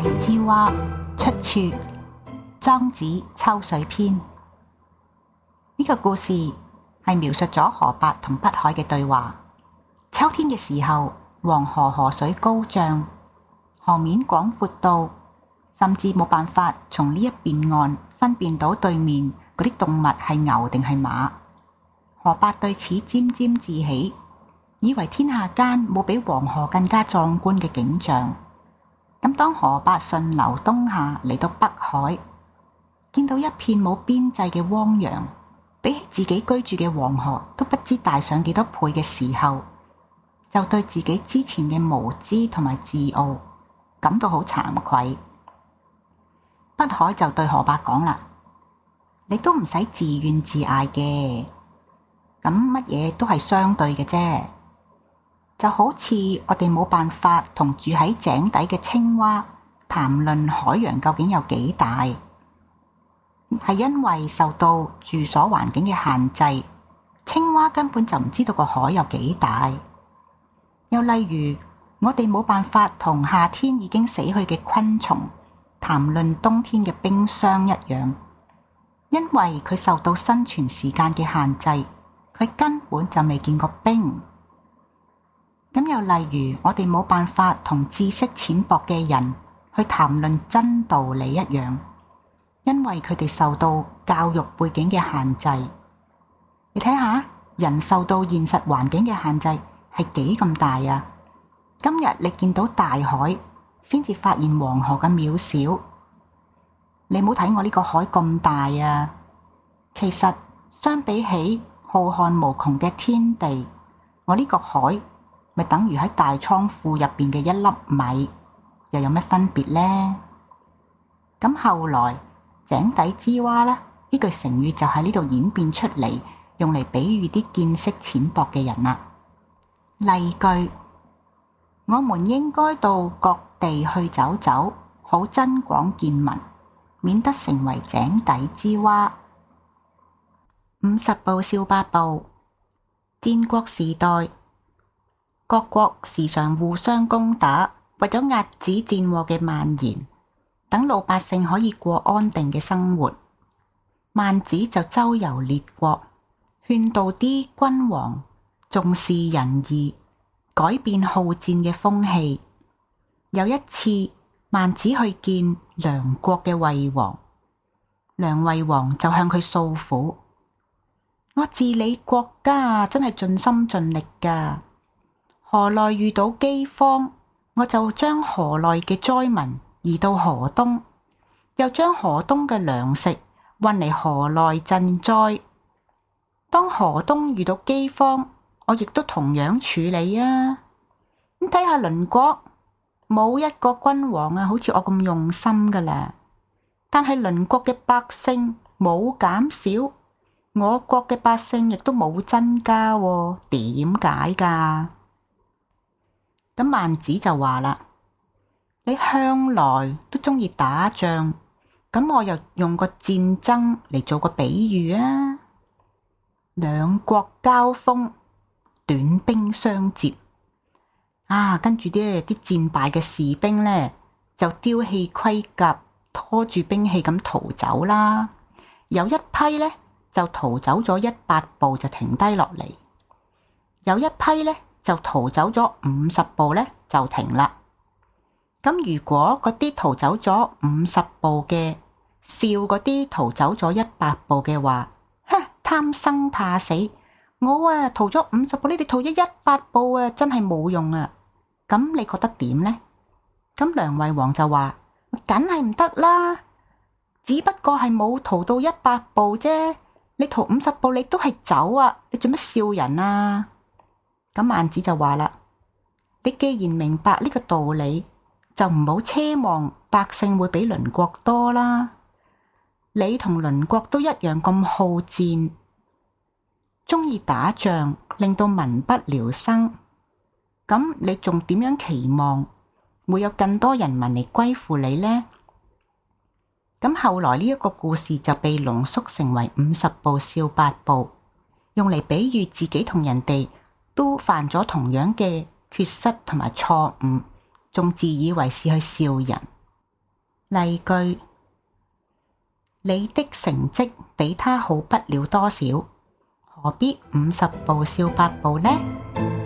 《井底之蛙》出處《莊子·秋水篇》呢、這個故事係描述咗河伯同北海嘅對話。秋天嘅時候，黃河河水高漲，河面廣闊到甚至冇辦法從呢一邊岸分辨到對面嗰啲動物係牛定係馬。河伯對此沾沾自喜，以為天下間冇比黃河更加壯觀嘅景象。咁當河伯順流東下嚟，到北海，見到一片冇邊際嘅汪洋，比起自己居住嘅黃河，都不知大上幾多倍嘅時候，就對自己之前嘅無知同埋自傲，感到好慚愧。北海就對河伯講啦：你都唔使自怨自艾嘅，咁乜嘢都係相對嘅啫。就好似我哋冇辦法同住喺井底嘅青蛙談論海洋究竟有幾大，係因為受到住所環境嘅限制，青蛙根本就唔知道個海有幾大。又例如我哋冇辦法同夏天已經死去嘅昆蟲談論冬天嘅冰霜一樣，因為佢受到生存時間嘅限制，佢根本就未見過冰。又例如，我哋冇辦法同知識淺薄嘅人去談論真道理一樣，因為佢哋受到教育背景嘅限制。你睇下，人受到現實環境嘅限制係幾咁大呀、啊？今日你見到大海，先至發現黃河嘅渺小。你唔好睇我呢個海咁大呀、啊？其實相比起浩瀚無窮嘅天地，我呢個海。咪等於喺大倉庫入邊嘅一粒米，又有咩分別呢？咁後來井底之蛙呢，呢句成語就喺呢度演變出嚟，用嚟比喻啲見識淺薄嘅人啦。例句：我們應該到各地去走走，好增廣見聞，免得成為井底之蛙。五十步笑百步，戰國時代。各國時常互相攻打，為咗壓止戰禍嘅蔓延，等老百姓可以過安定嘅生活，孟子就周遊列國，勸導啲君王重視仁義，改變好戰嘅風氣。有一次，孟子去見梁國嘅魏王，梁惠王就向佢訴苦：我治理國家真係盡心盡力噶。河內遇到饑荒，我就將河內嘅災民移到河東，又將河東嘅糧食運嚟河內賑災。當河東遇到饑荒，我亦都同樣處理啊。咁睇下鄰國，冇一個君王啊，好似我咁用心噶啦。但係鄰國嘅百姓冇減少，我國嘅百姓亦都冇增加，啊，點解噶？咁孟子就話啦：你向來都中意打仗，咁我又用個戰爭嚟做個比喻啊！兩國交鋒，短兵相接啊！跟住啲啲戰敗嘅士兵呢，就丟棄盔甲，拖住兵器咁逃走啦。有一批呢，就逃走咗一百步就停低落嚟，有一批呢。就逃走咗五十步呢，就停啦。咁如果嗰啲逃走咗五十步嘅，笑嗰啲逃走咗一百步嘅話，哼，貪生怕死！我啊逃咗五十步，你哋逃咗一百步啊，真係冇用啊！咁你覺得點呢？咁梁惠王就話：梗係唔得啦！只不過係冇逃到一百步啫。你逃五十步，你都係走啊！你做乜笑人啊？咁孟子就話啦：你既然明白呢個道理，就唔好奢望百姓會比鄰國多啦。你同鄰國都一樣咁好戰，中意打仗，令到民不聊生。咁你仲點樣期望會有更多人民嚟歸附你呢？咁後來呢一個故事就被濃縮成為五十步笑百步，用嚟比喻自己同人哋，都犯咗同樣嘅缺失同埋錯誤，仲自以為是去笑人。例句：你的成績比他好不了多少，何必五十步笑百步呢？